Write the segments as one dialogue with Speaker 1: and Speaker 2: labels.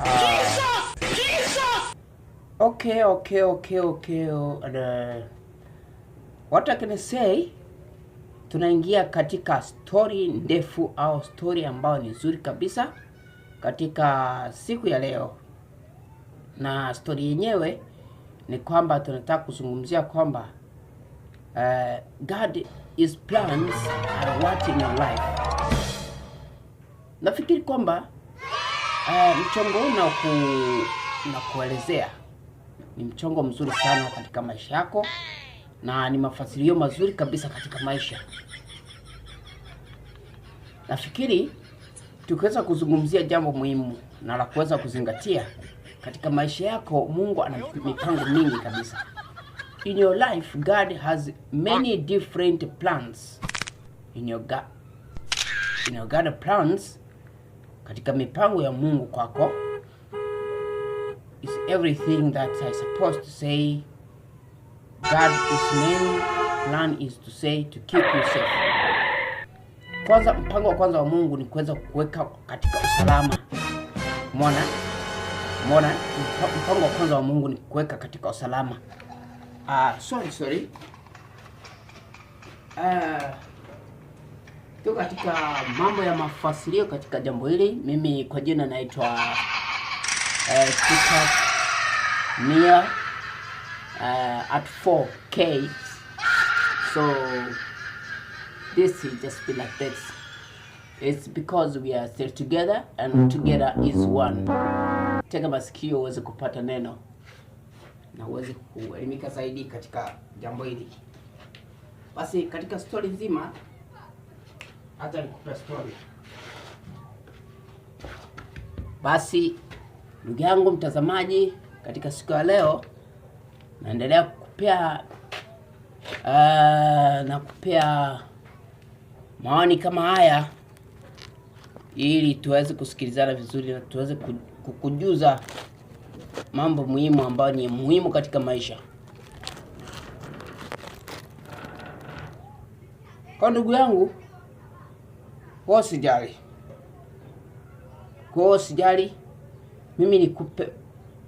Speaker 1: Uh,
Speaker 2: Okay, okay, okay, okay. Uh, what I can say, tunaingia katika story ndefu au story ambayo ni nzuri kabisa katika siku ya leo, na story yenyewe ni kwamba tunataka kuzungumzia kwamba uh, God is plans are what in your life. Nafikiri kwamba Uh, mchongo huu na ku, na kuelezea ni mchongo mzuri sana katika maisha yako na ni mafasilio mazuri kabisa katika maisha. Nafikiri tukiweza kuzungumzia jambo muhimu na la kuweza kuzingatia katika maisha yako, Mungu ana mipango mingi kabisa. In your life God has many different plans. In your God, in your God plans katika mipango ya Mungu kwako is everything that I supposed to say God is main plan is to say to keep you safe. Kwanza, mpango wa kwanza wa Mungu ni kuweza kuweka katika usalama. Umeona? Umeona? Mpango wa kwanza wa Mungu ni kuweka katika usalama. Ah, uh, sorry sorry. Ah uh, kwa katika mambo ya mafasilio katika jambo hili, mimi kwa jina naitwa eh, Mia uh, at 4K so this is just be like this it's because we are still together and together is one. Tega masikio uweze kupata neno na uweze kuelimika zaidi katika jambo hili. Basi katika stori nzima nikupe story. Basi ndugu yangu mtazamaji, katika siku ya leo naendelea kupea uh, eh, na kupea maoni kama haya ili tuweze kusikilizana vizuri na tuweze kukujuza mambo muhimu ambayo ni muhimu katika maisha. Kwa ndugu yangu wewe sijali Kwa sijali mimi nikupe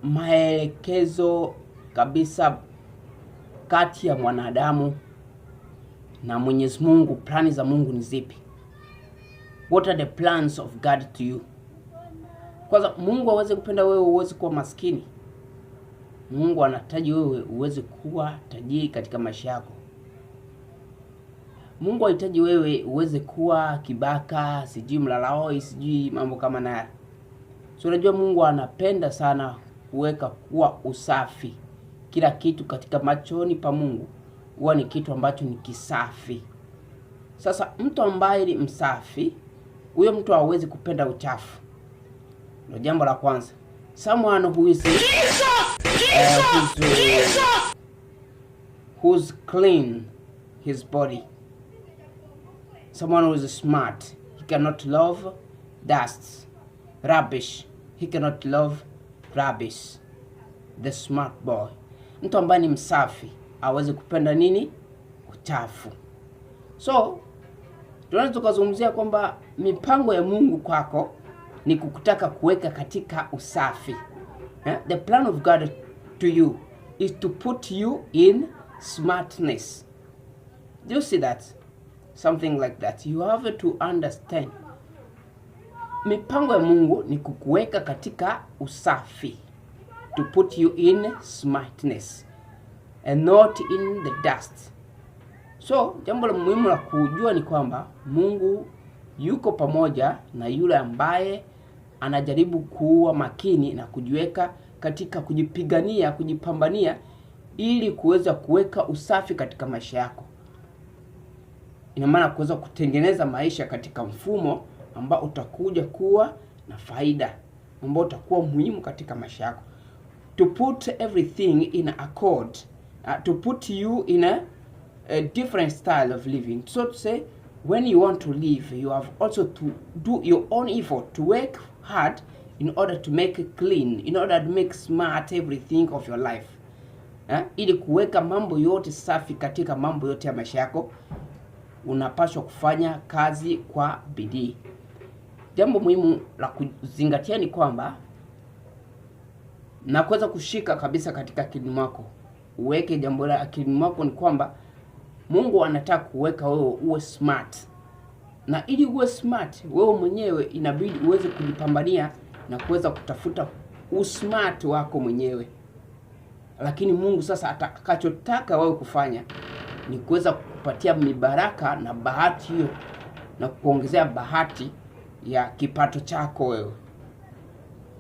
Speaker 2: maelekezo kabisa kati ya mwanadamu na Mwenyezi Mungu, plani za Mungu ni zipi? What are the plans of God to you? Kwanza Mungu aweze kupenda wewe uweze kuwa maskini. Mungu anataji wewe uweze kuwa tajiri katika maisha yako. Mungu hahitaji wewe uweze kuwa kibaka, sijui mlalaoi sijui mambo kama na So unajua Mungu anapenda sana kuweka kuwa usafi. Kila kitu katika machoni pa Mungu huwa ni kitu ambacho ni kisafi. Sasa mtu ambaye ni msafi, huyo mtu hawezi kupenda uchafu. Ndio jambo la kwanza. Someone who is
Speaker 1: Jesus, eh, Jesus, uh, who's, uh,
Speaker 2: who's clean his body Someone who is smart, he cannot love dust, rubbish. He cannot love rubbish. The smart boy. Mtu ambaye ni msafi aweze kupenda nini? Uchafu. So tunaweza tukazungumzia kwamba mipango ya Mungu kwako ni kukutaka kuweka katika usafi. Eh, the plan of God to you is to put you in smartness. Do you see that? something like that. You have to understand mipango ya Mungu ni kukuweka katika usafi, to put you in smartness and not in the dust. So jambo la muhimu la kujua ni kwamba Mungu yuko pamoja na yule ambaye anajaribu kuwa makini na kujiweka katika kujipigania, kujipambania ili kuweza kuweka usafi katika maisha yako ina maana kuweza kutengeneza maisha katika mfumo ambao utakuja kuwa na faida ambao utakuwa muhimu katika maisha yako. To put everything in accord, uh, to put you in a, a different style of living. So to say, when you want to live, you have also to do your own effort to work hard in order to make clean, in order to make smart everything of your life. Uh, ili kuweka mambo yote safi katika mambo yote ya maisha yako unapaswa kufanya kazi kwa bidii. Jambo muhimu la kuzingatia ni kwamba na kuweza kushika kabisa katika akili mwako, uweke jambo la akili mwako ni kwamba Mungu anataka kuweka wewe uwe smart, na ili uwe smart wewe mwenyewe inabidi uweze kujipambania na kuweza kutafuta usmart wako mwenyewe. Lakini Mungu sasa atakachotaka wewe kufanya ni kuweza kukupatia mibaraka na bahati hiyo na kukuongezea bahati ya kipato chako wewe.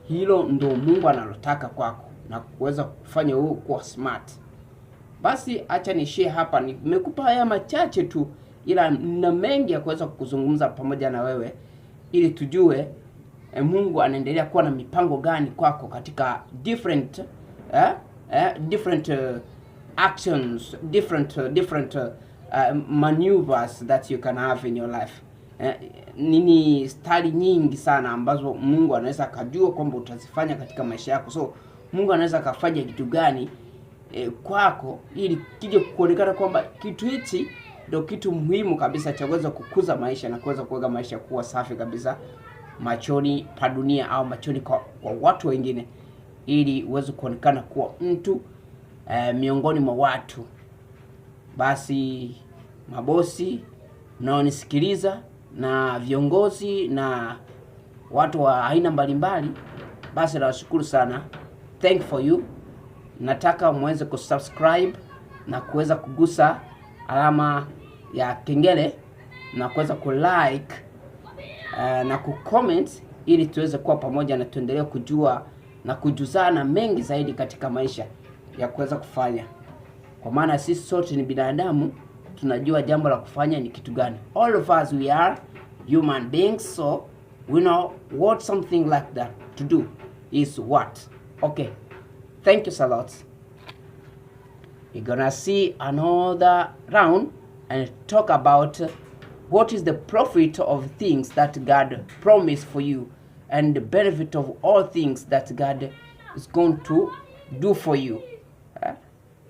Speaker 2: Hilo ndo Mungu analotaka kwako na kuweza kufanya wewe kuwa smart. Basi acha niishie hapa, nimekupa haya machache tu, ila na mengi ya kuweza kuzungumza pamoja na wewe ili tujue e, Mungu anaendelea kuwa na mipango gani kwako katika different eh, eh, different uh, actions different uh, different uh, uh, maneuvers that you can have in your life uh, nini stari nyingi sana ambazo Mungu anaweza akajua kwamba utazifanya katika maisha yako. So Mungu anaweza akafanya kitu gani eh, kwako ili kije kuonekana kwamba kitu hichi ndio kitu muhimu kabisa cha kuweza kukuza maisha na kuweza kuweka maisha kuwa safi kabisa machoni pa dunia au machoni kwa, kwa watu wengine ili uweze kuonekana kuwa mtu eh, miongoni mwa watu basi mabosi mnaonisikiliza na viongozi na watu wa aina mbalimbali, basi nawashukuru sana. Thank for you. Nataka muweze kusubscribe na kuweza kugusa alama ya kengele na kuweza kulike uh, na kucomment ili tuweze kuwa pamoja na tuendelee kujua na kujuzana mengi zaidi katika maisha ya kuweza kufanya kwa maana sisi sote ni binadamu, tunajua jambo la kufanya ni kitu gani. All of us we are human beings, so we know what something like that to do is what. Okay, thank you so lot. We're gonna see another round and talk about what is the profit of things that God promised for you and the benefit of all things that God is going to do for you.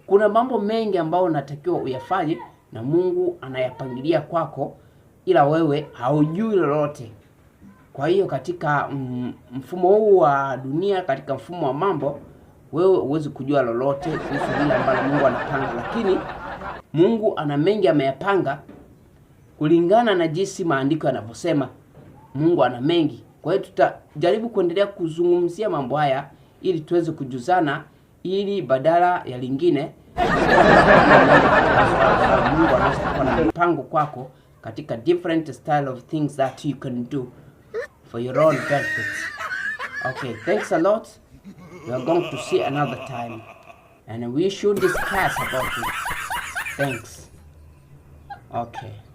Speaker 2: Kuna mambo mengi ambayo unatakiwa uyafanye na Mungu anayapangilia kwako, ila wewe haujui lolote. Kwa hiyo katika mm, mfumo huu wa dunia, katika mfumo wa mambo, wewe huwezi kujua lolote kuhusu vile ambalo Mungu anapanga, lakini Mungu ana mengi ameyapanga kulingana na jinsi maandiko yanavyosema. Mungu ana mengi. Kwa hiyo tutajaribu kuendelea kuzungumzia mambo haya ili tuweze kujuzana ili badala ya lingine. Mungu anataka na mpango kwako katika different style of things that you can do for your own benefit. Okay, thanks a lot. We are going to see another time and we should discuss about it. Thanks. Okay.